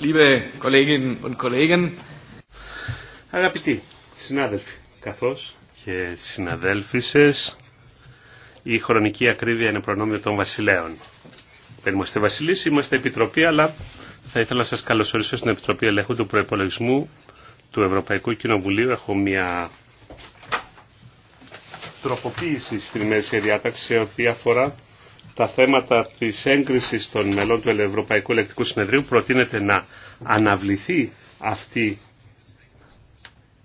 Liebe Kolleginnen und Kollegen. Αγαπητοί συνάδελφοι, καθώς και συναδέλφισες, η χρονική ακρίβεια είναι προνόμιο των βασιλέων. Δεν είμαστε βασιλείς, είμαστε επιτροπή, αλλά θα ήθελα να σας καλωσορίσω στην Επιτροπή Ελέγχου του Προϋπολογισμού του Ευρωπαϊκού Κοινοβουλίου. Έχω μια τροποποίηση στην μέση διάταξη, ό,τι αφορά τα θέματα της έγκρισης των μελών του Ευρωπαϊκού Ελεκτικού Συνεδρίου προτείνεται να αναβληθεί αυτή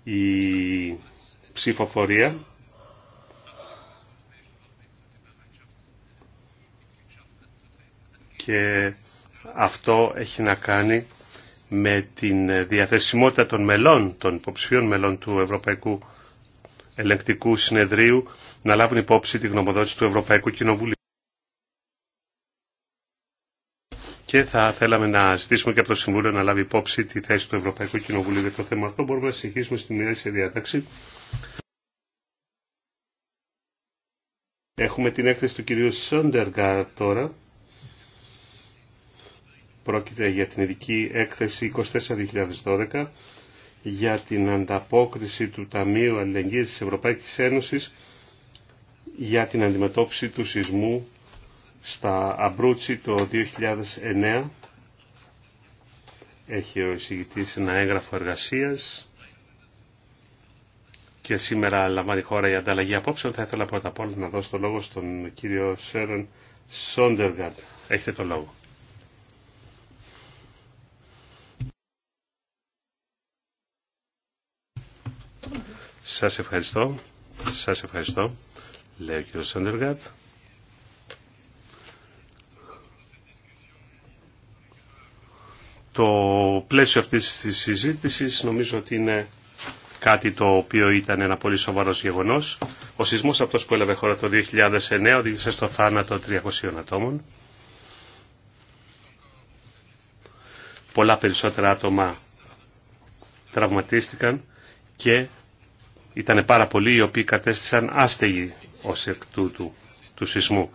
η ψηφοφορία. Και αυτό έχει να κάνει με την διαθεσιμότητα των μελών, των υποψηφίων μελών του Ευρωπαϊκού Ελεκτικού Συνεδρίου να λάβουν υπόψη τη γνωμοδότηση του Ευρωπαϊκού Κοινοβουλίου. και θα θέλαμε να ζητήσουμε και από το Συμβούλιο να λάβει υπόψη τη θέση του Ευρωπαϊκού Κοινοβουλίου για το θέμα αυτό. Μπορούμε να συνεχίσουμε στην νέα σε διάταξη. Έχουμε την έκθεση του κυρίου Σόντεργα τώρα. Πρόκειται για την ειδική έκθεση 24-2012 για την ανταπόκριση του Ταμείου Αλληλεγγύης της Ευρωπαϊκής Ένωσης για την αντιμετώπιση του σεισμού στα Αμπρούτσι το 2009. Έχει ο εισηγητής ένα έγγραφο εργασίας και σήμερα λαμβάνει χώρα η ανταλλαγή απόψεων. Θα ήθελα πρώτα απ' όλα να δώσω το λόγο στον κύριο Σέρον Σόντεργατ. Έχετε το λόγο. Σας ευχαριστώ. Σας ευχαριστώ. Λέει ο κύριος το πλαίσιο αυτής της συζήτησης νομίζω ότι είναι κάτι το οποίο ήταν ένα πολύ σοβαρό γεγονό. Ο σεισμό αυτό που έλαβε χώρα το 2009 οδήγησε στο θάνατο 300 ατόμων. Πολλά περισσότερα άτομα τραυματίστηκαν και ήταν πάρα πολλοί οι οποίοι κατέστησαν άστεγοι ως εκ τούτου του σεισμού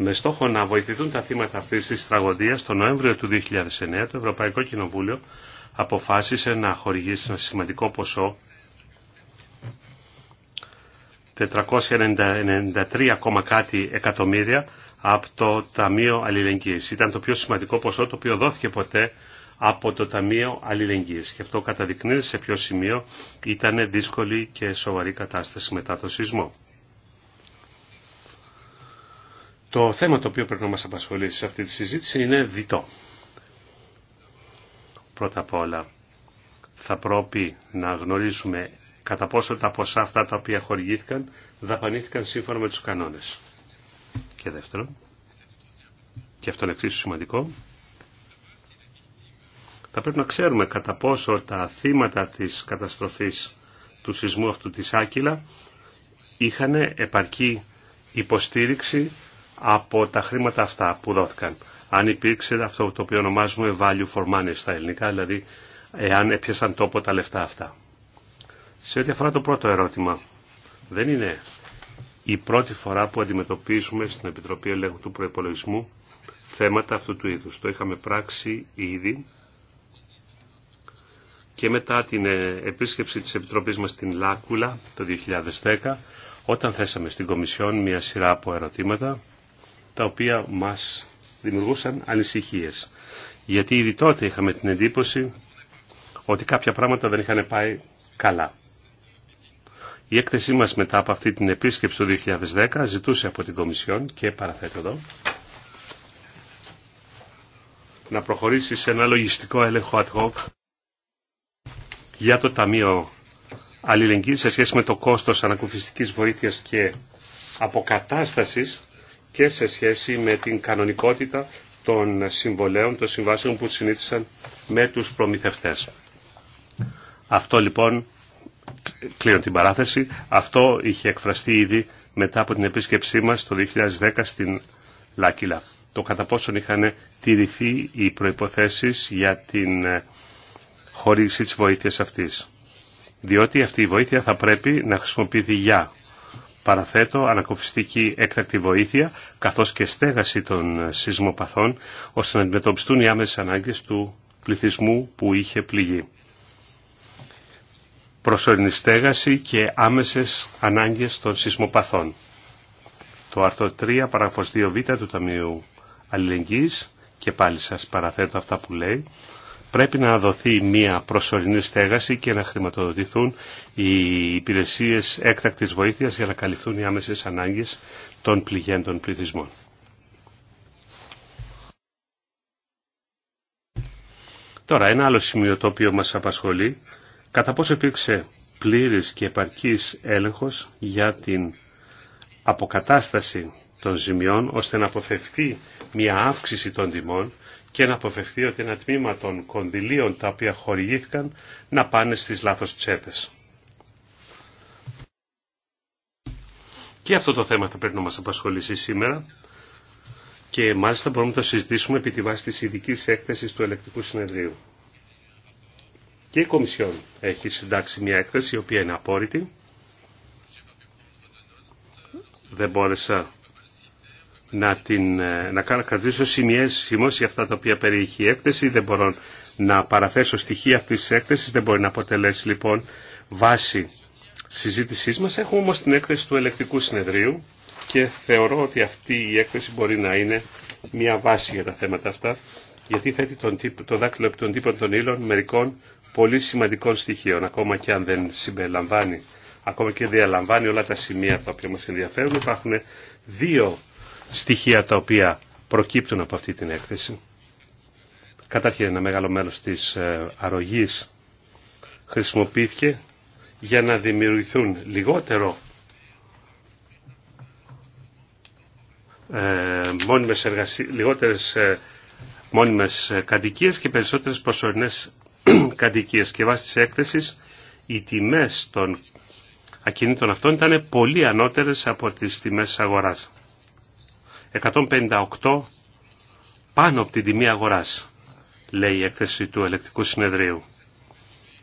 με στόχο να βοηθηθούν τα θύματα αυτής της τραγωδίας, το Νοέμβριο του 2009 το Ευρωπαϊκό Κοινοβούλιο αποφάσισε να χορηγήσει ένα σημαντικό ποσό 493, κάτι εκατομμύρια από το Ταμείο Αλληλεγγύης. Ήταν το πιο σημαντικό ποσό το οποίο δόθηκε ποτέ από το Ταμείο Αλληλεγγύης. Και αυτό καταδεικνύει σε ποιο σημείο ήταν δύσκολη και σοβαρή κατάσταση μετά το σεισμό. Το θέμα το οποίο πρέπει να μας απασχολήσει σε αυτή τη συζήτηση είναι διτό. Πρώτα απ' όλα θα πρέπει να γνωρίζουμε κατά πόσο τα ποσά αυτά τα οποία χορηγήθηκαν δαπανήθηκαν σύμφωνα με τους κανόνες. Και δεύτερον, και αυτό είναι εξίσου σημαντικό, θα πρέπει να ξέρουμε κατά πόσο τα θύματα της καταστροφής του σεισμού αυτού της Άκυλα είχαν επαρκή υποστήριξη από τα χρήματα αυτά που δόθηκαν. Αν υπήρξε αυτό το οποίο ονομάζουμε value for money στα ελληνικά, δηλαδή εάν έπιασαν τόπο τα λεφτά αυτά. Σε ό,τι αφορά το πρώτο ερώτημα, δεν είναι η πρώτη φορά που αντιμετωπίζουμε στην Επιτροπή Ελέγχου του Προϋπολογισμού θέματα αυτού του είδους. Το είχαμε πράξει ήδη και μετά την ε, επίσκεψη της Επιτροπής μας στην Λάκουλα το 2010, όταν θέσαμε στην Κομισιόν μια σειρά από ερωτήματα, τα οποία μας δημιουργούσαν ανησυχίες. Γιατί ήδη τότε είχαμε την εντύπωση ότι κάποια πράγματα δεν είχαν πάει καλά. Η έκθεσή μας μετά από αυτή την επίσκεψη του 2010 ζητούσε από την Κομισιόν και παραθέτω εδώ να προχωρήσει σε ένα λογιστικό έλεγχο ad hoc για το Ταμείο Αλληλεγγύης σε σχέση με το κόστος ανακουφιστικής βοήθειας και αποκατάστασης και σε σχέση με την κανονικότητα των συμβολέων, των συμβάσεων που συνήθισαν με τους προμηθευτές. Αυτό λοιπόν, κλείνω την παράθεση, αυτό είχε εκφραστεί ήδη μετά από την επίσκεψή μας το 2010 στην Λάκυλα. Το κατά πόσον είχαν τηρηθεί οι προϋποθέσεις για την ε, χορήγηση της βοήθειας αυτής. Διότι αυτή η βοήθεια θα πρέπει να χρησιμοποιηθεί για παραθέτω ανακοφιστική έκτακτη βοήθεια καθώς και στέγαση των σεισμοπαθών ώστε να αντιμετωπιστούν οι άμεσες ανάγκες του πληθυσμού που είχε πληγεί. Προσωρινή στέγαση και άμεσες ανάγκες των σεισμοπαθών. Το άρθρο 3 παράγραφος 2β του Ταμείου Αλληλεγγύης και πάλι σας παραθέτω αυτά που λέει πρέπει να δοθεί μια προσωρινή στέγαση και να χρηματοδοτηθούν οι υπηρεσίες έκτακτης βοήθειας για να καλυφθούν οι άμεσες ανάγκες των πληγέντων πληθυσμών. Τώρα, ένα άλλο σημείο το οποίο μας απασχολεί, κατά πόσο υπήρξε πλήρης και επαρκής έλεγχος για την αποκατάσταση των ζημιών, ώστε να αποφευθεί μια αύξηση των τιμών και να αποφευθεί ότι ένα τμήμα των κονδυλίων τα οποία χορηγήθηκαν να πάνε στις λάθος τσέπες. Και αυτό το θέμα θα πρέπει να μας απασχολήσει σήμερα και μάλιστα μπορούμε να το συζητήσουμε επί τη βάση της ειδική έκθεσης του ελεκτικού συνεδρίου. Και η Κομισιόν έχει συντάξει μια έκθεση η οποία είναι απόρριτη. Δεν μπόρεσα να, την, ε, να κρατήσω σημειώσεις για αυτά τα οποία περιείχε η έκθεση. Δεν μπορώ να παραθέσω στοιχεία αυτής της έκθεσης. Δεν μπορεί να αποτελέσει λοιπόν βάση συζήτησής μας. Έχουμε όμως την έκθεση του ελεκτικού συνεδρίου και θεωρώ ότι αυτή η έκθεση μπορεί να είναι μια βάση για τα θέματα αυτά γιατί θέτει τον το δάκτυλο επί των τύπων των ύλων μερικών πολύ σημαντικών στοιχείων ακόμα και αν δεν συμπεριλαμβάνει ακόμα και διαλαμβάνει όλα τα σημεία τα οποία μας ενδιαφέρουν υπάρχουν δύο στοιχεία τα οποία προκύπτουν από αυτή την έκθεση. Κατάρχην, ένα μεγάλο μέλος της ε, αρρωγής χρησιμοποιήθηκε για να δημιουργηθούν λιγότερο ε, μόνιμες λιγότερες ε, μόνιμες κατοικίες και περισσότερες προσωρινές κατοικίες. Και βάσει της έκθεσης οι τιμές των ακινήτων αυτών ήταν πολύ ανώτερες από τις τιμές 158 πάνω από την τιμή αγοράς, λέει η έκθεση του ελεκτικού συνεδρίου.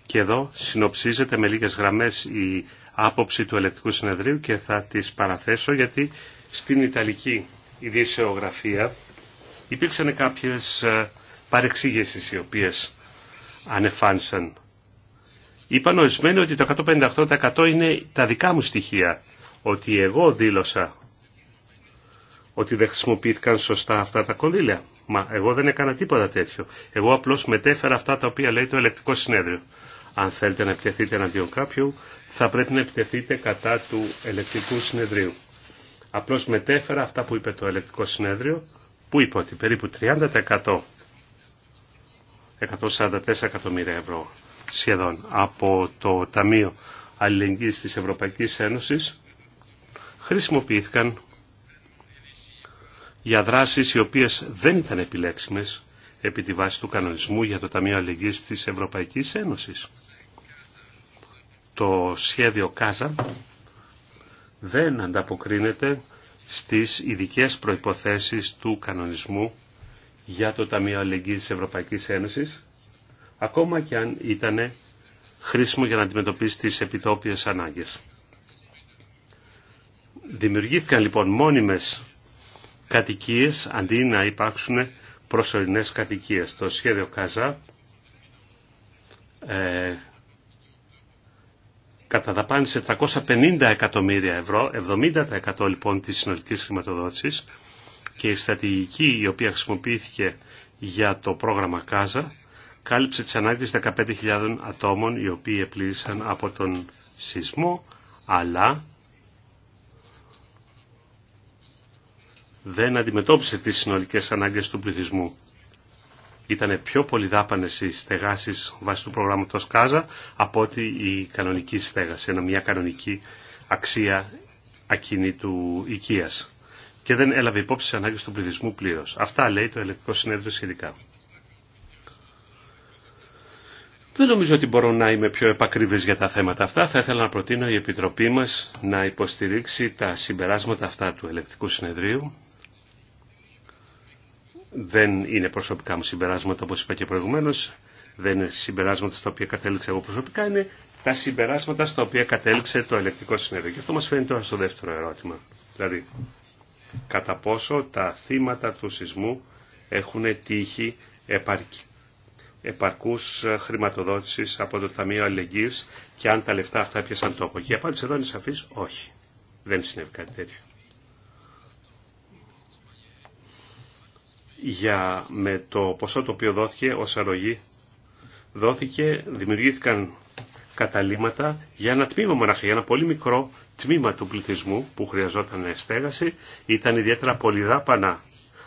Και εδώ συνοψίζεται με λίγες γραμμές η άποψη του ελεκτικού συνεδρίου και θα τις παραθέσω γιατί στην Ιταλική ειδησεογραφία υπήρξαν κάποιες ε, παρεξήγησεις οι οποίες ανεφάνισαν. Είπαν ορισμένοι ότι το 158% είναι τα δικά μου στοιχεία, ότι εγώ δήλωσα ότι δεν χρησιμοποιήθηκαν σωστά αυτά τα κονδύλια. Μα εγώ δεν έκανα τίποτα τέτοιο. Εγώ απλώς μετέφερα αυτά τα οποία λέει το ελεκτικό συνέδριο. Αν θέλετε να επιτεθείτε εναντίον κάποιου, θα πρέπει να επιτεθείτε κατά του ελεκτικού συνεδρίου. Απλώς μετέφερα αυτά που είπε το ελεκτικό συνέδριο, που είπε ότι περίπου 30% 144 εκατομμύρια ευρώ σχεδόν από το Ταμείο Αλληλεγγύης της Ευρωπαϊκής Ένωσης χρησιμοποιήθηκαν για δράσεις οι οποίες δεν ήταν επιλέξιμες επί τη βάση του κανονισμού για το Ταμείο Αλληλεγγύης της Ευρωπαϊκής Ένωσης. Το σχέδιο ΚΑΖΑ δεν ανταποκρίνεται στις ειδικέ προϋποθέσεις του κανονισμού για το Ταμείο Αλληλεγγύης της Ευρωπαϊκής Ένωσης, ακόμα και αν ήταν χρήσιμο για να αντιμετωπίσει τις επιτόπιες ανάγκες. Δημιουργήθηκαν λοιπόν μόνιμες κατοικίες αντί να υπάρξουν προσωρινές κατοικίες. Το σχέδιο Καζά ε, καταδαπάνησε 350 εκατομμύρια ευρώ, 70% λοιπόν της συνολικής χρηματοδότησης και η στρατηγική η οποία χρησιμοποιήθηκε για το πρόγραμμα Κάζα κάλυψε τις ανάγκες 15.000 ατόμων οι οποίοι επλήρησαν από τον σεισμό αλλά δεν αντιμετώπισε τις συνολικές ανάγκες του πληθυσμού. Ήταν πιο πολύ δάπανες οι στεγάσεις βάσει του προγράμματος Κάζα από ότι η κανονική στέγαση, ενώ μια κανονική αξία ακίνητου οικίας. Και δεν έλαβε υπόψη τις ανάγκες του πληθυσμού πλήρως. Αυτά λέει το ελεκτικό συνέδριο σχετικά. Δεν νομίζω ότι μπορώ να είμαι πιο επακρίβης για τα θέματα αυτά. Θα ήθελα να προτείνω η Επιτροπή μας να υποστηρίξει τα συμπεράσματα αυτά του Ελεκτικού Συνεδρίου δεν είναι προσωπικά μου συμπεράσματα όπως είπα και προηγουμένως, δεν είναι συμπεράσματα στα οποία κατέληξα εγώ προσωπικά, είναι τα συμπεράσματα στα οποία κατέληξε το ελεκτικό συνέδριο. Και αυτό μας φαίνεται τώρα στο δεύτερο ερώτημα. Δηλαδή, κατά πόσο τα θύματα του σεισμού έχουν τύχει επαρκή επαρκούς χρηματοδότησης από το Ταμείο Αλληλεγγύης και αν τα λεφτά αυτά έπιασαν τόπο. Και η απάντηση εδώ είναι σαφής, όχι. Δεν συνέβη κάτι τέτοιο. για, με το ποσό το οποίο δόθηκε ως αρρωγή. Δόθηκε, δημιουργήθηκαν καταλήματα για ένα τμήμα μονάχα, για ένα πολύ μικρό τμήμα του πληθυσμού που χρειαζόταν στέγαση. Ήταν ιδιαίτερα πολυδάπανα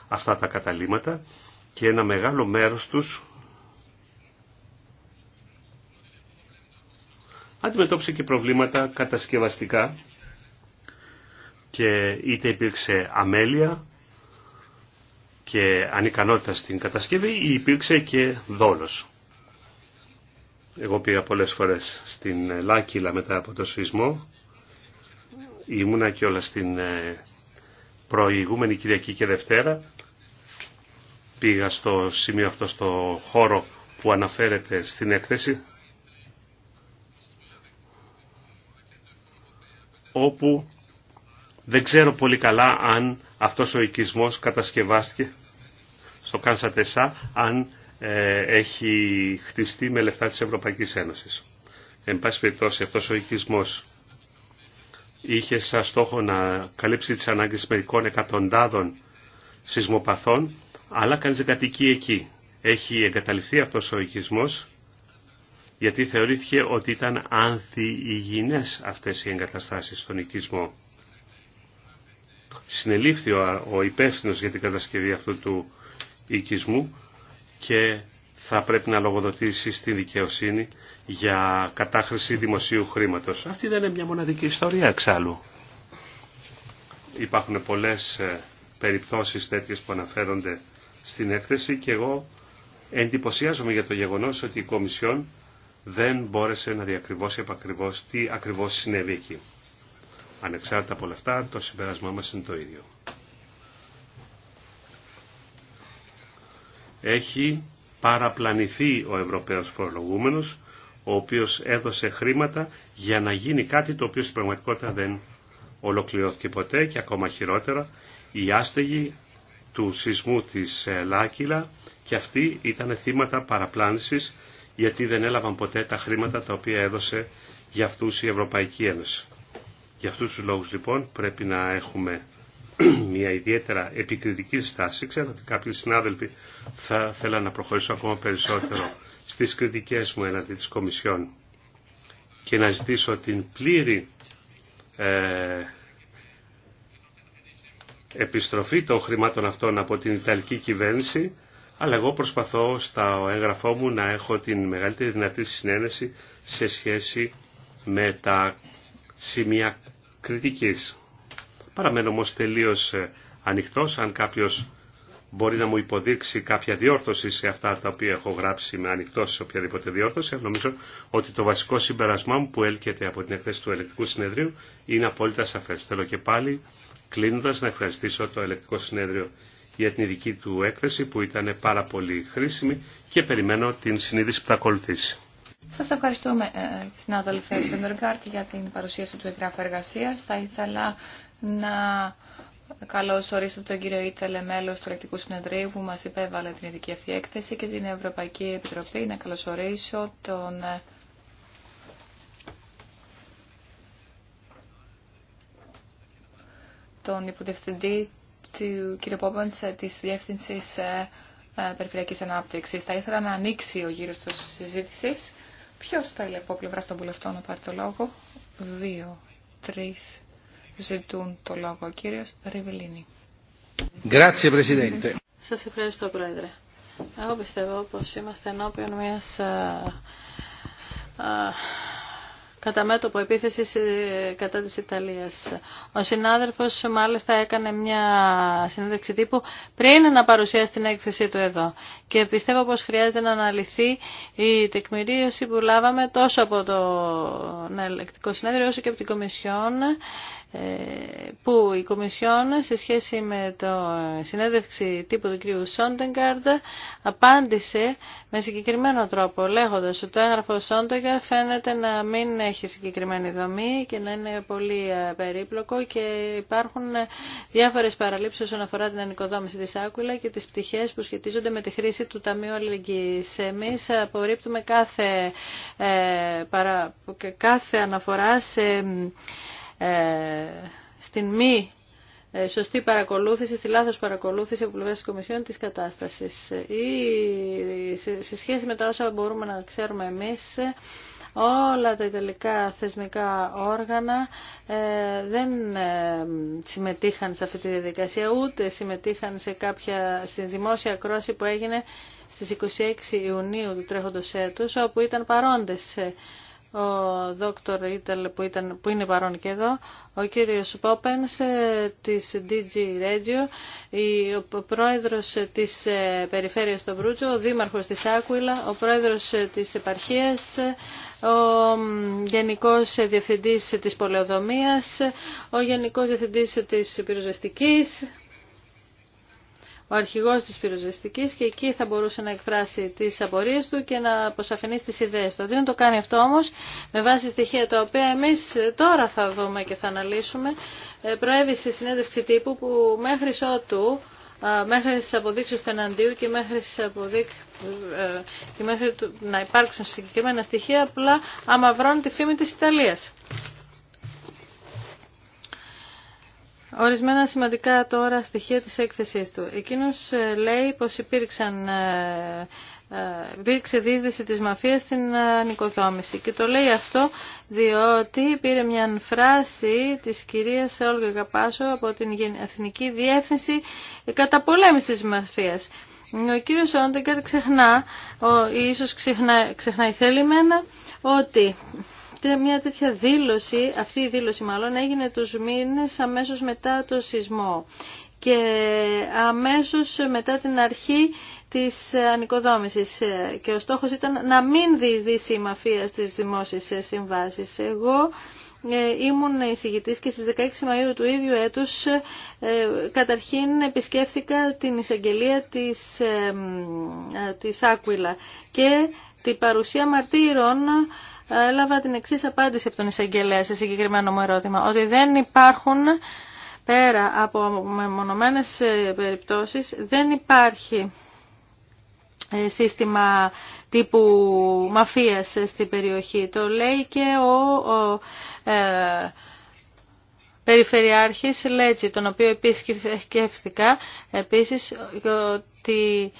αυτά τα καταλήματα και ένα μεγάλο μέρος τους αντιμετώπισε και προβλήματα κατασκευαστικά και είτε υπήρξε αμέλεια και ανικανότητα στην κατασκευή υπήρξε και δόλος. Εγώ πήγα πολλές φορές στην ε, Λάκυλα μετά από το σεισμό. Ήμουνα και όλα στην ε, προηγούμενη Κυριακή και Δευτέρα. Πήγα στο σημείο αυτό, στο χώρο που αναφέρεται στην έκθεση, όπου δεν ξέρω πολύ καλά αν αυτός ο οικισμός κατασκευάστηκε στο Κάνσα αν ε, έχει χτιστεί με λεφτά της Ευρωπαϊκής Ένωσης. Εν πάση περιπτώσει αυτός ο οικισμός είχε σαν στόχο να καλύψει τις ανάγκες μερικών εκατοντάδων σεισμοπαθών, αλλά κανείς δεν εκεί. Έχει εγκαταληφθεί αυτός ο οικισμός, γιατί θεωρήθηκε ότι ήταν ανθιυγιεινές αυτές οι εγκαταστάσεις στον οικισμό συνελήφθη ο υπεύθυνο για την κατασκευή αυτού του οικισμού και θα πρέπει να λογοδοτήσει στη δικαιοσύνη για κατάχρηση δημοσίου χρήματος. Αυτή δεν είναι μια μοναδική ιστορία εξάλλου. Υπάρχουν πολλές ε, περιπτώσεις τέτοιες που αναφέρονται στην έκθεση και εγώ εντυπωσιάζομαι για το γεγονός ότι η Κομισιόν δεν μπόρεσε να διακριβώσει επακριβώς τι ακριβώς συνέβη Ανεξάρτητα από όλα αυτά, το συμπέρασμά μας είναι το ίδιο. Έχει παραπλανηθεί ο Ευρωπαίος φορολογούμενος, ο οποίος έδωσε χρήματα για να γίνει κάτι το οποίο στην πραγματικότητα δεν ολοκληρώθηκε ποτέ και ακόμα χειρότερα οι άστεγοι του σεισμού της ε, Λάκυλα και αυτοί ήταν θύματα παραπλάνησης γιατί δεν έλαβαν ποτέ τα χρήματα τα οποία έδωσε για αυτούς η Ευρωπαϊκή Ένωση. Για αυτούς τους λόγους λοιπόν πρέπει να έχουμε μια ιδιαίτερα επικριτική στάση. Ξέρω ότι κάποιοι συνάδελφοι θα θέλαν να προχωρήσω ακόμα περισσότερο στις κριτικές μου έναντι της Κομισιόν και να ζητήσω την πλήρη ε, επιστροφή των χρημάτων αυτών από την Ιταλική κυβέρνηση, αλλά εγώ προσπαθώ στα έγγραφό μου να έχω την μεγαλύτερη δυνατή συνένεση σε σχέση με τα σημεία κριτικής. Παραμένω όμως τελείως ε, ανοιχτός, αν κάποιος μπορεί να μου υποδείξει κάποια διόρθωση σε αυτά τα οποία έχω γράψει με ανοιχτό σε οποιαδήποτε διόρθωση. Ε, νομίζω ότι το βασικό συμπερασμά μου που έλκεται από την εκθέση του ελεκτικού συνεδρίου είναι απόλυτα σαφέ. Θέλω και πάλι κλείνοντα να ευχαριστήσω το ελεκτικό συνέδριο για την ειδική του έκθεση που ήταν πάρα πολύ χρήσιμη και περιμένω την συνείδηση που θα ακολουθήσει. Σας ευχαριστούμε, ε, συνάδελφε Σεντεργκάρτ, για την παρουσίαση του εγγράφου εργασία. Θα ήθελα να καλωσορίσω τον κύριο Ήτελε, μέλο του Ελεκτικού Συνεδρίου, που μας υπέβαλε την ειδική αυτή έκθεση και την Ευρωπαϊκή Επιτροπή. Να καλωσορίσω τον ε, τον υποδιευθυντή του κ. Πόμπαντς ε, της Διεύθυνσης Περιφερειακής Ανάπτυξης. Θα ήθελα να ανοίξει ο γύρος της συζήτησης Ποιος θέλει από πλευρά των βουλευτών να πάρει το λόγο. Δύο, τρει ζητούν το λόγο. Ο κύριος Ριβελίνη. Σα ευχαριστώ Πρόεδρε. Εγώ πιστεύω πω είμαστε ενώπιον μια κατά μέτωπο επίθεσης ε, κατά της Ιταλίας. Ο συνάδελφος μάλιστα έκανε μια συνέντευξη τύπου πριν να παρουσιάσει την έκθεσή του εδώ. Και πιστεύω πως χρειάζεται να αναλυθεί η τεκμηρίωση που λάβαμε τόσο από το ναι, ελεκτικό συνέδριο όσο και από την Κομισιόν ε, που η Κομισιόν σε σχέση με το ε, συνέδευξη τύπου του κ. Σόντεγκαρντ απάντησε με συγκεκριμένο τρόπο λέγοντας ότι το έγγραφο Σόντεγκαρντ φαίνεται να μην έχει συγκεκριμένη δομή και να είναι πολύ ε, περίπλοκο και υπάρχουν διάφορες παραλήψεις όσον αφορά την ανοικοδόμηση της Άκουλα και τις πτυχές που σχετίζονται με τη χρήση του Ταμείου Αλληλεγγύης. Εμείς απορρίπτουμε κάθε, κάθε αναφορά σε ε, στην μη ε, σωστή παρακολούθηση, στη λάθος παρακολούθηση από πλευρά της Κομισιόν της κατάστασης. Ή σε σχέση με τα όσα μπορούμε να ξέρουμε εμείς, όλα τα ιταλικά θεσμικά όργανα ε, δεν συμμετείχαν σε αυτή τη διαδικασία, ούτε συμμετείχαν σε κάποια, στη δημόσια κρόση που έγινε στις 26 Ιουνίου του τρέχοντος έτους, όπου ήταν παρόντες ο δόκτωρ Ήταλ που, ήταν, που είναι παρόν και εδώ, ο κύριος Πόπενς ε, της DG Regio, ο πρόεδρος ε, της ε, περιφέρειας του Μπρούτζου, ο δήμαρχος της Άκουιλα, ο πρόεδρος της επαρχίας, ο Γενικός Διευθυντής της Πολεοδομίας, ο Γενικός Διευθυντής της Πυροσβεστικής, ο αρχηγός της πυροσβεστικής και εκεί θα μπορούσε να εκφράσει τις απορίες του και να αποσαφηνεί τις ιδέες του. Δεν το κάνει αυτό όμως με βάση στοιχεία τα οποία εμείς τώρα θα δούμε και θα αναλύσουμε. Ε, προέβησε σε συνέντευξη τύπου που μέχρι ότου μέχρι τι αποδείξεις του εναντίου και μέχρι, ε, και μέχρι να υπάρξουν συγκεκριμένα στοιχεία απλά αμαυρώνει τη φήμη της Ιταλίας. Ορισμένα σημαντικά τώρα στοιχεία της έκθεσής του. Εκείνος ε, λέει πως υπήρξαν, ε, ε, υπήρξε δίδυση της μαφίας στην νοικοδόμηση και το λέει αυτό διότι πήρε μια φράση της κυρίας Όλγα Καπάσο από την Εθνική Διεύθυνση πολέμηση της Μαφίας. Ο κύριος Όντεγκαρ ξεχνά, ο, ίσως ξεχνά, ξεχνάει θέλημένα, ότι μια τέτοια δήλωση, αυτή η δήλωση μάλλον έγινε τους μήνες αμέσως μετά το σεισμό και αμέσως μετά την αρχή της ανοικοδόμησης και ο στόχος ήταν να μην διεισδύσει η μαφία στις δημόσιες συμβάσεις. Εγώ ε, ήμουν εισηγητής και στις 16 Μαΐου του ίδιου έτους ε, καταρχήν επισκέφθηκα την εισαγγελία της, ε, της Άκουιλα και την παρουσία μαρτύρων έλαβα την εξή απάντηση από τον εισαγγελέα σε συγκεκριμένο μου ερώτημα, ότι δεν υπάρχουν πέρα από μεμονωμένες ε, περιπτώσεις, δεν υπάρχει ε, σύστημα τύπου μαφίας ε, στην περιοχή. Το λέει και ο, ο ε, Περιφερειάρχης τον οποίο επισκεφθήκα επίσης ότι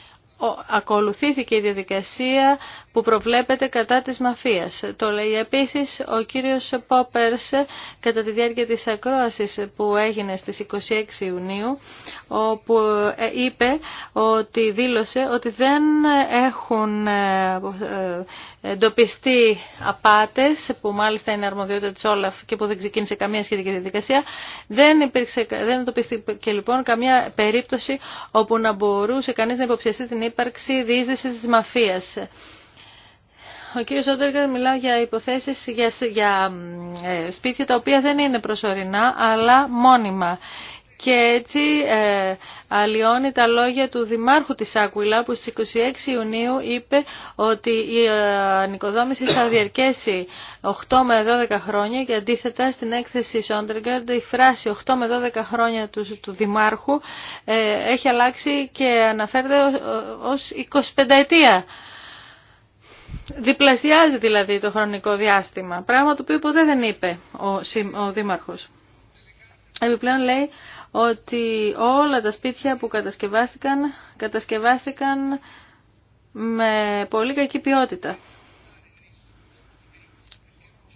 ακολουθήθηκε η διαδικασία που προβλέπεται κατά της μαφίας. Το λέει επίσης ο κύριος Πόπερς κατά τη διάρκεια της ακρόασης που έγινε στις 26 Ιουνίου όπου ε, είπε ότι δήλωσε ότι δεν έχουν ε, ε, εντοπιστεί απάτες που μάλιστα είναι αρμοδιότητα της Όλαφ και που δεν ξεκίνησε καμία σχετική διαδικασία δεν, υπήρξε, δεν εντοπιστεί και λοιπόν καμία περίπτωση όπου να μπορούσε κανείς να υποψιαστεί την ύπαρξη διείσδυση της μαφίας. Ο κύριος Όντεργα μιλά για υποθέσεις για, για ε, σπίτια τα οποία δεν είναι προσωρινά αλλά μόνιμα και έτσι ε, αλλοιώνει τα λόγια του Δημάρχου της Άκουιλα που στις 26 Ιουνίου είπε ότι η ε, ανοικοδόμηση θα διαρκέσει 8 με 12 χρόνια και αντίθετα στην έκθεση Σόντεργαρντ η φράση 8 με 12 χρόνια του, του Δημάρχου ε, έχει αλλάξει και αναφέρεται ως 25 ετία. Διπλασιάζει δηλαδή το χρονικό διάστημα, πράγμα το οποίο ποτέ δεν είπε ο, ο Δήμαρχος. Επιπλέον λέει ότι όλα τα σπίτια που κατασκευάστηκαν, κατασκευάστηκαν με πολύ κακή ποιότητα.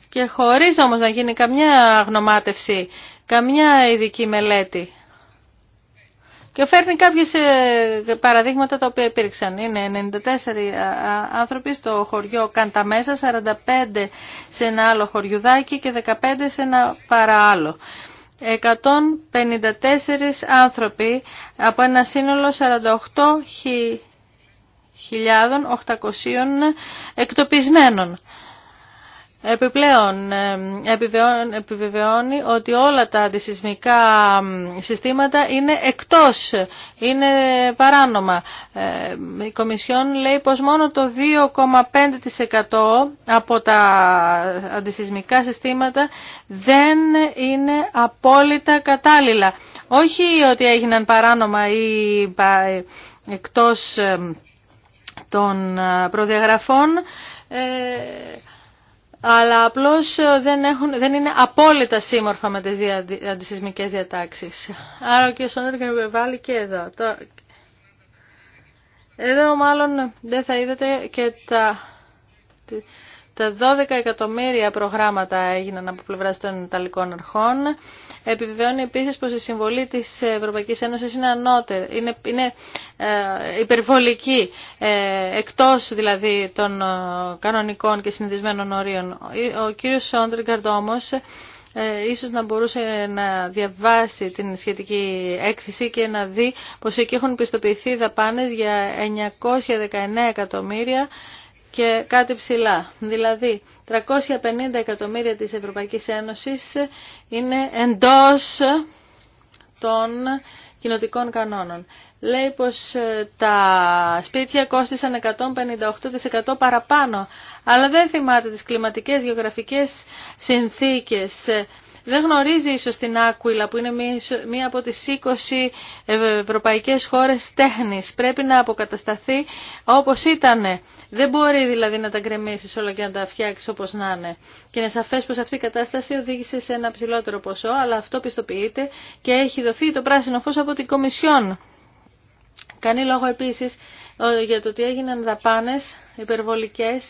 Και χωρίς όμως να γίνει καμιά γνωμάτευση, καμιά ειδική μελέτη. Και φέρνει κάποιες ε, παραδείγματα τα οποία υπήρξαν. Είναι 94 άνθρωποι στο χωριό Κανταμέσα, 45 σε ένα άλλο χωριουδάκι και 15 σε ένα παραάλλο. άλλο. 154 άνθρωποι από ένα σύνολο 48.800 εκτοπισμένων. Επιπλέον, επιβεβαιώνει ότι όλα τα αντισυσμικά συστήματα είναι εκτός, είναι παράνομα. Η Κομισιόν λέει πως μόνο το 2,5% από τα αντισυσμικά συστήματα δεν είναι απόλυτα κατάλληλα. Όχι ότι έγιναν παράνομα ή εκτός των ε, προδιαγραφών, ε, αλλά απλώς ε, δεν, έχουν, δεν είναι απόλυτα σύμμορφα με τις δια, αντισυσμικές διατάξεις. Άρα ο κ. με βάλει και εδώ. Εδώ μάλλον δεν θα είδατε και τα... Τα 12 εκατομμύρια προγράμματα έγιναν από πλευράς των Ιταλικών αρχών. Επιβεβαιώνει επίσης πως η συμβολή της Ευρωπαϊκής Ένωσης είναι ανώτερη, είναι, ε, υπερβολική, ε, εκτός δηλαδή των ε, κανονικών και συνηθισμένων ορίων. Ο κύριος Σόντριγκαρντ όμως ίσως να μπορούσε να διαβάσει την σχετική έκθεση και να δει πως εκεί έχουν πιστοποιηθεί δαπάνες για 919 εκατομμύρια και κάτι ψηλά. Δηλαδή, 350 εκατομμύρια της Ευρωπαϊκής Ένωσης είναι εντός των κοινοτικών κανόνων. Λέει πως ε, τα σπίτια κόστησαν 158% παραπάνω, αλλά δεν θυμάται τις κλιματικές, γεωγραφικές συνθήκες ε, δεν γνωρίζει ίσως την Άκουιλα που είναι μία από τις 20 ευρωπαϊκές χώρες τέχνης. Πρέπει να αποκατασταθεί όπως ήταν. Δεν μπορεί δηλαδή να τα γκρεμίσει όλα και να τα φτιάξει όπως να είναι. Και είναι σαφέ πως αυτή η κατάσταση οδήγησε σε ένα ψηλότερο ποσό, αλλά αυτό πιστοποιείται και έχει δοθεί το πράσινο φω από την Κομισιόν. Κάνει λόγο επίση ε, για το ότι έγιναν δαπάνε υπερβολικέ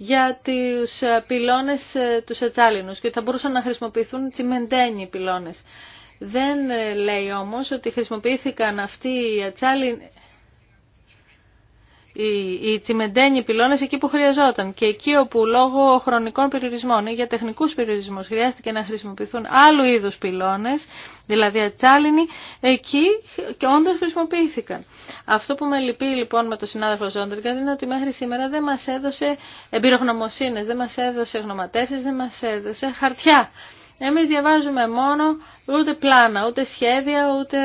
για τους ε, πυλώνες ε, τους ατσάλινους και θα μπορούσαν να χρησιμοποιηθούν τσιμεντένιοι πυλώνες. Δεν ε, λέει όμως ότι χρησιμοποιήθηκαν αυτοί οι ατσάλινοι οι τσιμεντένοι πυλώνες εκεί που χρειαζόταν και εκεί όπου λόγω χρονικών περιορισμών ή για τεχνικούς περιορισμούς χρειάστηκε να χρησιμοποιηθούν άλλου είδου πυλώνες, δηλαδή ατσάλινοι, εκεί και όντως χρησιμοποιήθηκαν. Αυτό που με λυπεί λοιπόν με τον συνάδελφο Ζόντεργαν είναι ότι μέχρι σήμερα δεν μας έδωσε εμπειρογνωμοσύνε, δεν μα έδωσε γνωματεύσεις, δεν μα έδωσε χαρτιά. Εμείς διαβάζουμε μόνο ούτε πλάνα, ούτε σχέδια, ούτε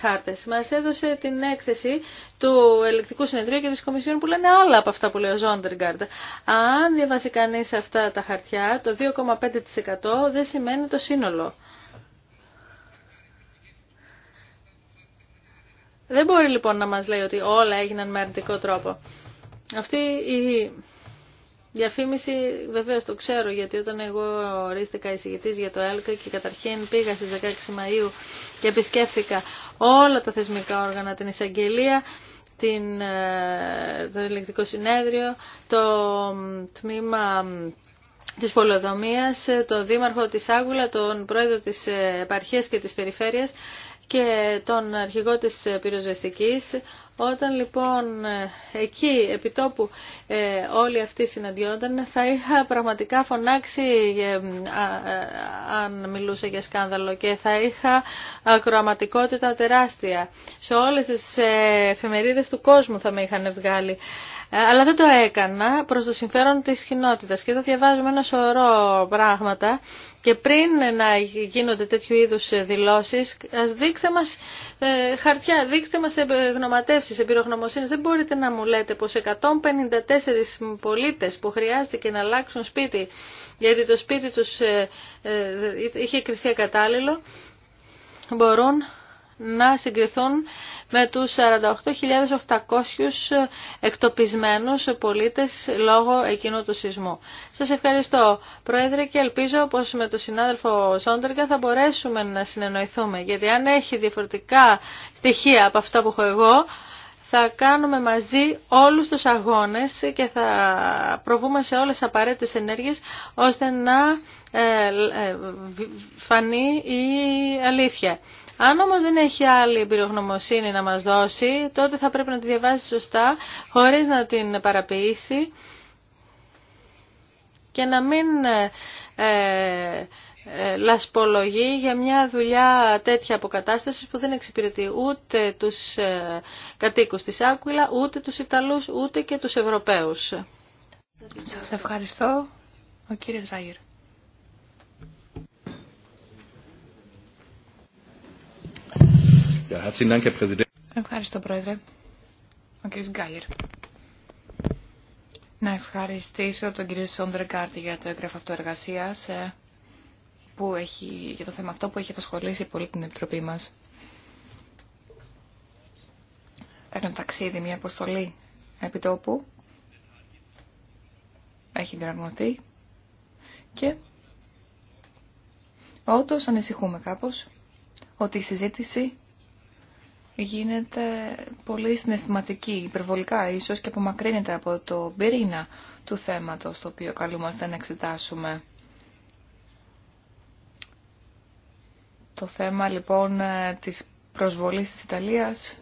χάρτες. Μας έδωσε την έκθεση του ελεκτικού συνεδρίου και της Κομισιόν που λένε άλλα από αυτά που λέει ο Ζόντεργκαρντ. Αν διαβάσει κανείς αυτά τα χαρτιά, το 2,5% δεν σημαίνει το σύνολο. Δεν μπορεί λοιπόν να μας λέει ότι όλα έγιναν με αρνητικό τρόπο. Αυτή η Διαφήμιση βεβαίως το ξέρω γιατί όταν εγώ ορίστηκα εισηγητή για το ΕΛΚΑ και καταρχήν πήγα στι 16 Μαου και επισκέφθηκα όλα τα θεσμικά όργανα, την εισαγγελία, την, ε, το ελεκτικό συνέδριο, το τμήμα της Πολεοδομίας, το δήμαρχο της Άγουλα, τον πρόεδρο της ε, επαρχίας και της περιφέρειας και τον αρχηγό της πυροσβεστικής, όταν λοιπόν ε, εκεί επί επιτόπου ε, όλοι αυτοί συναντιόνταν θα είχα πραγματικά φωνάξει ε, αν μιλούσε για σκάνδαλο και θα είχα ακροαματικότητα τεράστια. Σε όλες τις εφημερίδες του κόσμου θα με είχαν βγάλει. Αλλά δεν το έκανα προς το συμφέρον της κοινότητας και θα διαβάζουμε ένα σωρό πράγματα και πριν να γίνονται τέτοιου είδους δηλώσεις, ας δείξτε μας χαρτιά, δείξτε μας Στι εμπειρογνωμοσύνης δεν μπορείτε να μου λέτε πως 154 πολίτες που χρειάστηκε να αλλάξουν σπίτι γιατί το σπίτι τους ε, ε, είχε κρυφθεί ακατάλληλο μπορούν να συγκριθούν με τους 48.800 εκτοπισμένους πολίτες λόγω εκείνου του σεισμού. Σας ευχαριστώ Πρόεδρε και ελπίζω πως με τον συνάδελφο Σόντεργα θα μπορέσουμε να συνεννοηθούμε γιατί αν έχει διαφορετικά στοιχεία από αυτά που έχω εγώ θα κάνουμε μαζί όλους τους αγώνες και θα προβούμε σε όλες τις απαραίτητες ενέργειες ώστε να ε, ε, φανεί η αλήθεια. Αν όμως δεν έχει άλλη εμπειρογνωμοσύνη να μας δώσει, τότε θα πρέπει να τη διαβάσει σωστά, χωρίς να την παραποιήσει και να μην ε, ε, λασπολογή για μια δουλειά τέτοια αποκατάσταση που δεν εξυπηρετεί ούτε τους ε, κατοίκους της Άκουλα, ούτε τους Ιταλούς, ούτε και τους Ευρωπαίους. Σας ευχαριστώ. Ο κύριος Ράγερ. Ευχαριστώ, Πρόεδρε. Ο κύριος Γκάιρ. Να ευχαριστήσω τον κύριο Σόντρεγκάρτη για το έγγραφο αυτοεργασίας. Ε, που έχει, για το θέμα αυτό που έχει απασχολήσει πολύ την Επιτροπή μας. Ένα ταξίδι, μια αποστολή επιτόπου έχει δραγματεί και όντως ανησυχούμε κάπως ότι η συζήτηση γίνεται πολύ συναισθηματική, υπερβολικά ίσως και απομακρύνεται από το πυρήνα του θέματος το οποίο καλούμαστε να εξετάσουμε. Το θέμα λοιπόν ε, της προσβολής της Ιταλίας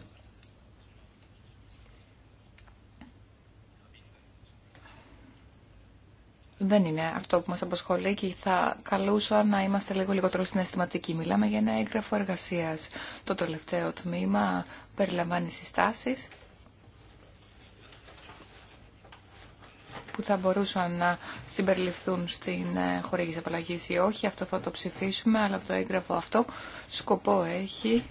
δεν είναι αυτό που μας απασχολεί και θα καλούσα να είμαστε λίγο λιγότερο συναισθηματικοί. Μιλάμε για ένα έγγραφο εργασίας. Το τελευταίο τμήμα περιλαμβάνει συστάσεις που θα μπορούσαν να συμπεριληφθούν στην ε, χορήγηση απαλλαγή ή όχι. Αυτό θα το ψηφίσουμε, αλλά το έγγραφο αυτό σκοπό έχει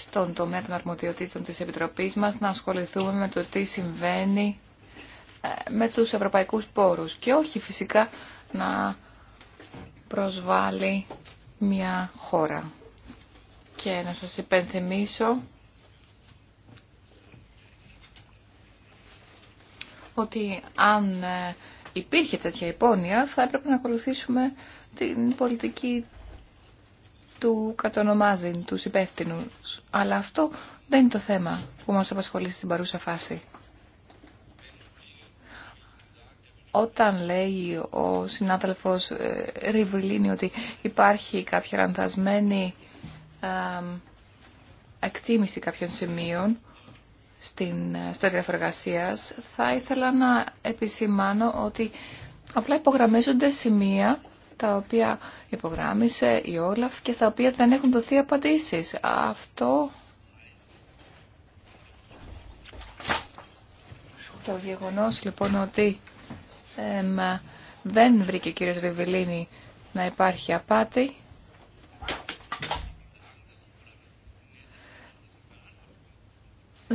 στον τομέα των αρμοδιοτήτων της Επιτροπής μας να ασχοληθούμε με το τι συμβαίνει ε, με τους ευρωπαϊκούς πόρους και όχι φυσικά να προσβάλλει μια χώρα. Και να σας υπενθυμίσω ότι αν ε, υπήρχε τέτοια υπόνοια θα έπρεπε να ακολουθήσουμε την πολιτική του κατονομάζει του υπεύθυνου. Αλλά αυτό δεν είναι το θέμα που μας απασχολεί στην παρούσα φάση. Όταν λέει ο συνάδελφος ε, Ριβουλίνη ότι υπάρχει κάποια ραντασμένη ε, εκτίμηση κάποιων σημείων, στην, στο έγγραφο εργασία, θα ήθελα να επισημάνω ότι απλά υπογραμμίζονται σημεία τα οποία υπογράμμισε η Όλαφ και στα οποία δεν έχουν δοθεί απαντήσεις. Αυτό το γεγονός λοιπόν ότι δεν βρήκε ο κύριος Ριβελίνη να υπάρχει απάτη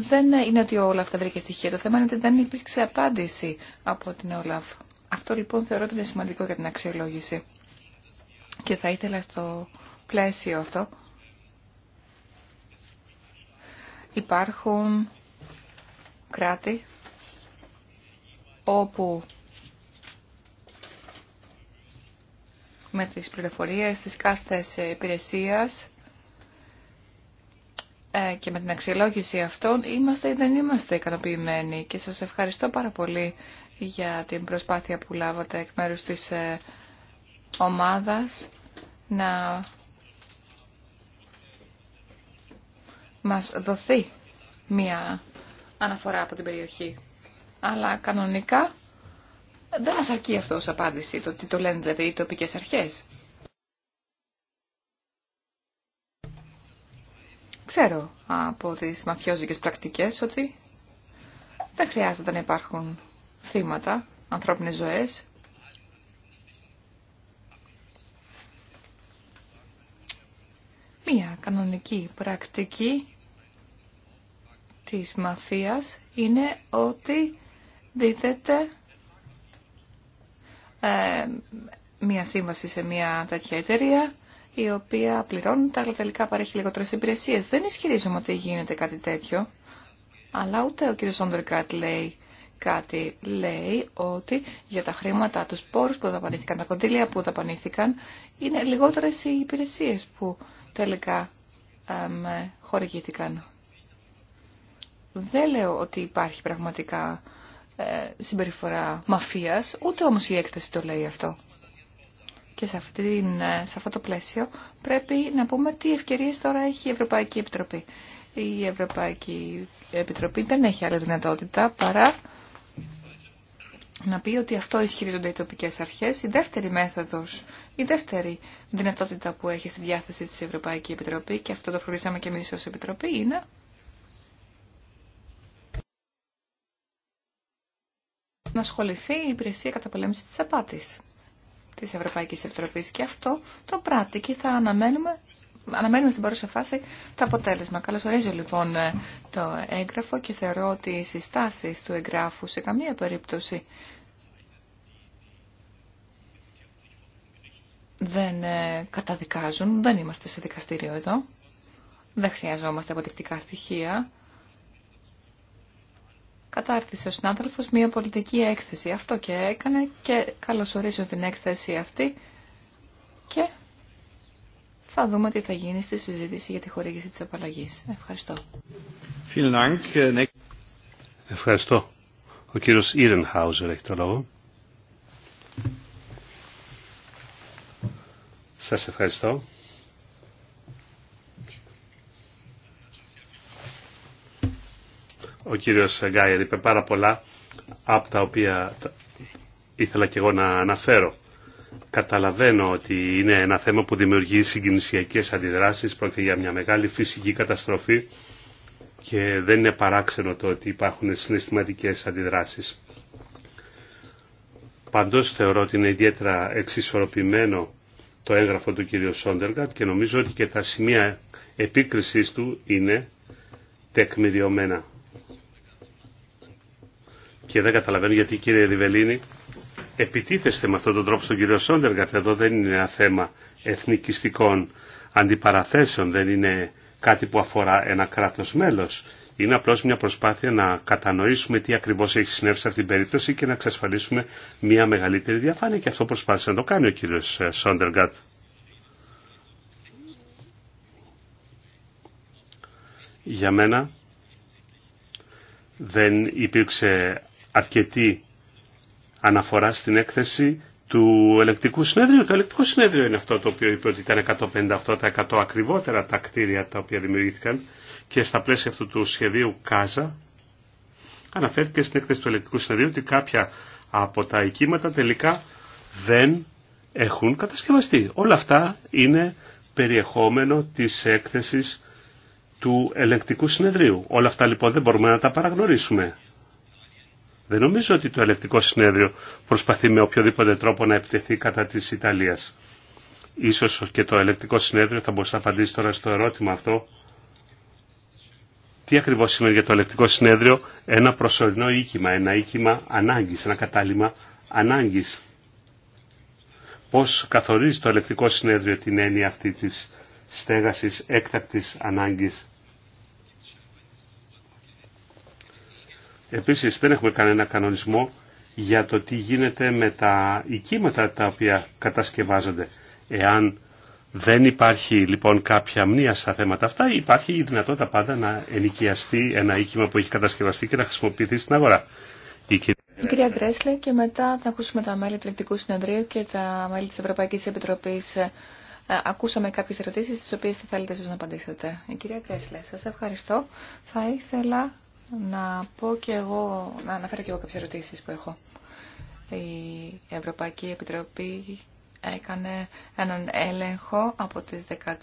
δεν είναι ότι όλα αυτά βρήκε στοιχεία. Το θέμα είναι ότι δεν υπήρξε απάντηση από την ΟΛΑΦ. Αυτό λοιπόν θεωρώ ότι είναι σημαντικό για την αξιολόγηση. Και θα ήθελα στο πλαίσιο αυτό υπάρχουν κράτη όπου με τις πληροφορίες της κάθε υπηρεσίας ε, και με την αξιολόγηση αυτών είμαστε ή δεν είμαστε ικανοποιημένοι και σας ευχαριστώ πάρα πολύ για την προσπάθεια που λάβατε εκ μέρους της ε, ομάδας να μας δοθεί μία αναφορά από την περιοχή. Αλλά κανονικά δεν μας αρκεί αυτό ως απάντηση, το τι το λένε δηλαδή οι τοπικές αρχές. Ξέρω από τις μαφιόζικες πρακτικές ότι δεν χρειάζεται να υπάρχουν θύματα, ανθρώπινες ζωές. Μία κανονική πρακτική της μαφίας είναι ότι δίδεται ε, μία σύμβαση σε μία τέτοια εταιρεία η οποία πληρώνεται, αλλά τελικά παρέχει λιγότερε υπηρεσίε. Δεν ισχυρίζομαι ότι γίνεται κάτι τέτοιο, αλλά ούτε ο κ. Σόντερκατ λέει κάτι. Λέει ότι για τα χρήματα, τους πόρους που δαπανήθηκαν, τα κονδύλια που δαπανήθηκαν, είναι λιγότερες οι υπηρεσίες που τελικά χορηγήθηκαν. Δεν λέω ότι υπάρχει πραγματικά ε, συμπεριφορά μαφίας, ούτε όμως η έκθεση το λέει αυτό. Και ε, σε, αυτό το πλαίσιο πρέπει να πούμε τι ευκαιρίες τώρα έχει η Ευρωπαϊκή Επιτροπή. Η Ευρωπαϊκή Επιτροπή δεν έχει άλλη δυνατότητα παρά να πει ότι αυτό ισχυρίζονται οι τοπικές αρχές. Η δεύτερη μέθοδος, η δεύτερη δυνατότητα που έχει στη διάθεση της Ευρωπαϊκή Επιτροπή και αυτό το φροντίσαμε και εμείς ως Επιτροπή είναι να ασχοληθεί η υπηρεσία καταπολέμησης της απάτης της Ευρωπαϊκής Επιτροπής και αυτό το πράττει και θα αναμένουμε Αναμένουμε στην παρούσα φάση το αποτέλεσμα. ορίζω λοιπόν ε, το έγγραφο και θεωρώ ότι οι συστάσεις του εγγράφου σε καμία περίπτωση δεν ε, καταδικάζουν, δεν είμαστε σε δικαστήριο εδώ, δεν χρειαζόμαστε αποδεικτικά στοιχεία κατάρτισε ο συνάδελφο μια πολιτική έκθεση. Αυτό και έκανε και καλωσορίζω την έκθεση αυτή και θα δούμε τι θα γίνει στη συζήτηση για τη χορήγηση της απαλλαγής. Ευχαριστώ. Ευχαριστώ. Ο κύριος Ιρενχάουζερ έχει το λόγο. Σας ευχαριστώ. Ο κύριος Γκάιερ είπε πάρα πολλά από τα οποία ήθελα και εγώ να αναφέρω. Καταλαβαίνω ότι είναι ένα θέμα που δημιουργεί συγκινησιακές αντιδράσεις, πρόκειται για μια μεγάλη φυσική καταστροφή και δεν είναι παράξενο το ότι υπάρχουν συναισθηματικές αντιδράσεις. Παντός θεωρώ ότι είναι ιδιαίτερα εξισορροπημένο το έγγραφο του κ. Σόντεργατ και νομίζω ότι και τα σημεία επίκρισής του είναι τεκμηριωμένα. Και δεν καταλαβαίνω γιατί κύριε Ριβελίνη επιτίθεστε με αυτόν τον τρόπο στον κύριο Σόντεργατ. Εδώ δεν είναι ένα θέμα εθνικιστικών αντιπαραθέσεων, δεν είναι κάτι που αφορά ένα κράτος μέλος. Είναι απλώς μια προσπάθεια να κατανοήσουμε τι ακριβώς έχει συνέβη σε αυτήν την περίπτωση και να εξασφαλίσουμε μια μεγαλύτερη διαφάνεια και αυτό προσπάθησε να το κάνει ο κύριος ε, Σόντεργατ. Για μένα δεν υπήρξε αρκετή αναφορά στην έκθεση του ελεκτικού συνέδριου. Το ελεκτικό συνέδριο είναι αυτό το οποίο είπε ότι ήταν 158% ακριβότερα τα κτίρια τα οποία δημιουργήθηκαν και στα πλαίσια αυτού του σχεδίου Κάζα αναφέρθηκε στην έκθεση του ελεκτικού συνεδρίου ότι κάποια από τα οικήματα τελικά δεν έχουν κατασκευαστεί. Όλα αυτά είναι περιεχόμενο της έκθεσης του ελεκτικού συνεδρίου. Όλα αυτά λοιπόν δεν μπορούμε να τα παραγνωρίσουμε. Δεν νομίζω ότι το ελεκτικό συνέδριο προσπαθεί με οποιοδήποτε τρόπο να επιτεθεί κατά της Ιταλίας. Ίσως και το ελεκτικό συνέδριο θα μπορούσε να απαντήσει τώρα στο ερώτημα αυτό. Τι ακριβώς σημαίνει για το ελεκτικό συνέδριο ένα προσωρινό οίκημα, ένα οίκημα ανάγκης, ένα κατάλημα ανάγκης. Πώς καθορίζει το ελεκτικό συνέδριο την έννοια αυτή της στέγασης έκτακτης ανάγκης Επίσης δεν έχουμε κανένα κανονισμό για το τι γίνεται με τα οικήματα τα οποία κατασκευάζονται. Εάν δεν υπάρχει λοιπόν κάποια μνήα στα θέματα αυτά, υπάρχει η δυνατότητα πάντα να ενοικιαστεί ένα οίκημα που έχει κατασκευαστεί και να χρησιμοποιηθεί στην αγορά. Η κυρία Γκρέσλε και μετά θα ακούσουμε τα μέλη του Εκτικού Συνεδρίου και τα μέλη της Ευρωπαϊκής Επιτροπής. Ε, ακούσαμε κάποιες ερωτήσεις τις οποίες θα θέλετε να απαντήσετε. Η κυρία Γκρέσλε, σας ευχαριστώ. Θα ήθελα να πω και εγώ, να αναφέρω και εγώ κάποιες ερωτήσεις που έχω. Η Ευρωπαϊκή Επιτροπή έκανε έναν έλεγχο από τις 13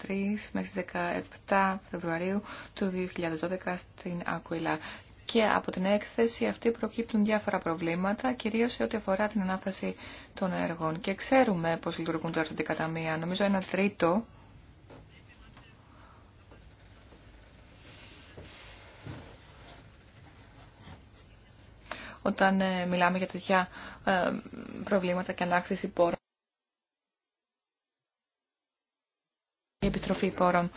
μέχρι τις 17 Φεβρουαρίου του 2012 στην Ακουιλά. Και από την έκθεση αυτή προκύπτουν διάφορα προβλήματα, κυρίως σε ό,τι αφορά την ανάθεση των έργων. Και ξέρουμε πώς λειτουργούν τα αρθρωτικά ταμεία. Νομίζω ένα τρίτο όταν ε, μιλάμε για τέτοια ε, προβλήματα και ανάκτηση πόρων. Η επιστροφή πόρων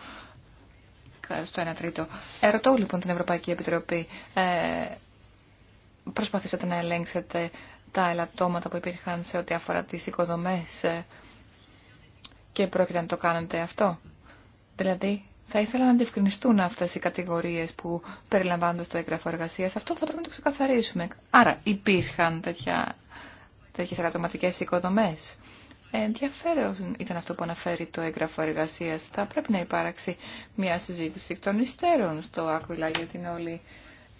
στο 1 τρίτο. Ερωτώ λοιπόν την Ευρωπαϊκή Επιτροπή. Ε, προσπαθήσατε να ελέγξετε τα ελαττώματα που υπήρχαν σε ό,τι αφορά τις οικοδομές ε, και πρόκειται να το κάνετε αυτό. Δηλαδή, θα ήθελα να αντιευκρινιστούν αυτέ οι κατηγορίε που περιλαμβάνονται στο έγγραφο εργασία. Αυτό θα πρέπει να το ξεκαθαρίσουμε. Άρα, υπήρχαν τέτοιε ακατοματικέ οικοδομέ. Ενδιαφέρον ήταν αυτό που αναφέρει το έγγραφο εργασία. Θα πρέπει να υπάρξει μια συζήτηση των υστέρων στο Άκουιλα για την όλη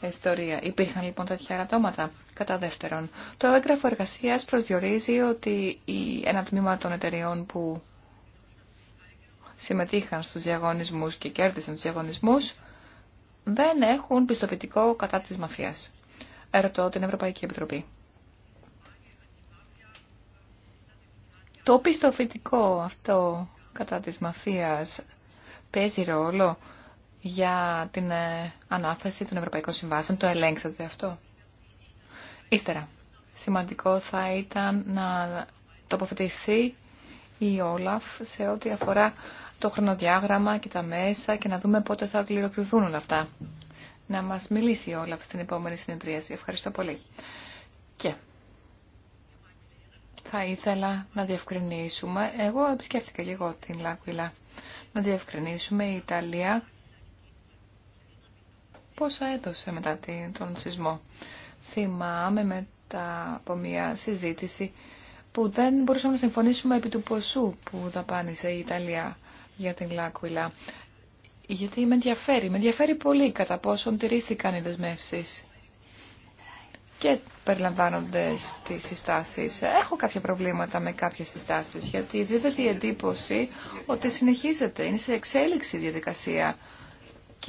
ιστορία. Υπήρχαν λοιπόν τέτοια ερωτώματα. Κατά δεύτερον, το έγγραφο εργασία προσδιορίζει ότι ένα τμήμα των εταιριών που συμμετείχαν στους διαγωνισμούς και κέρδισαν τους διαγωνισμούς δεν έχουν πιστοποιητικό κατά της μαφίας. Ερωτώ την Ευρωπαϊκή Επιτροπή. Το πιστοποιητικό αυτό κατά της μαφίας παίζει ρόλο για την ε, ανάθεση των Ευρωπαϊκών Συμβάσεων. Το ελέγξατε αυτό. Ύστερα, σημαντικό θα ήταν να τοποθετηθεί η Όλαφ σε ό,τι αφορά το χρονοδιάγραμμα και τα μέσα και να δούμε πότε θα κληροκριθούν όλα αυτά. Να μας μιλήσει όλα αυτή την επόμενη συνεδρίαση. Ευχαριστώ πολύ. Και θα ήθελα να διευκρινίσουμε, εγώ επισκέφτηκα και εγώ την Λάκουιλα, να διευκρινίσουμε η Ιταλία πόσα έδωσε μετά τον σεισμό. Θυμάμαι μετά από μια συζήτηση που δεν μπορούσαμε να συμφωνήσουμε επί του ποσού που δαπάνησε η Ιταλία για την Λάκουιλα. Γιατί με ενδιαφέρει. Με ενδιαφέρει πολύ κατά πόσον τηρήθηκαν οι δεσμεύσει και περιλαμβάνονται στις συστάσεις. Έχω κάποια προβλήματα με κάποιες συστάσεις, γιατί δίδεται η εντύπωση ότι συνεχίζεται, είναι σε εξέλιξη η διαδικασία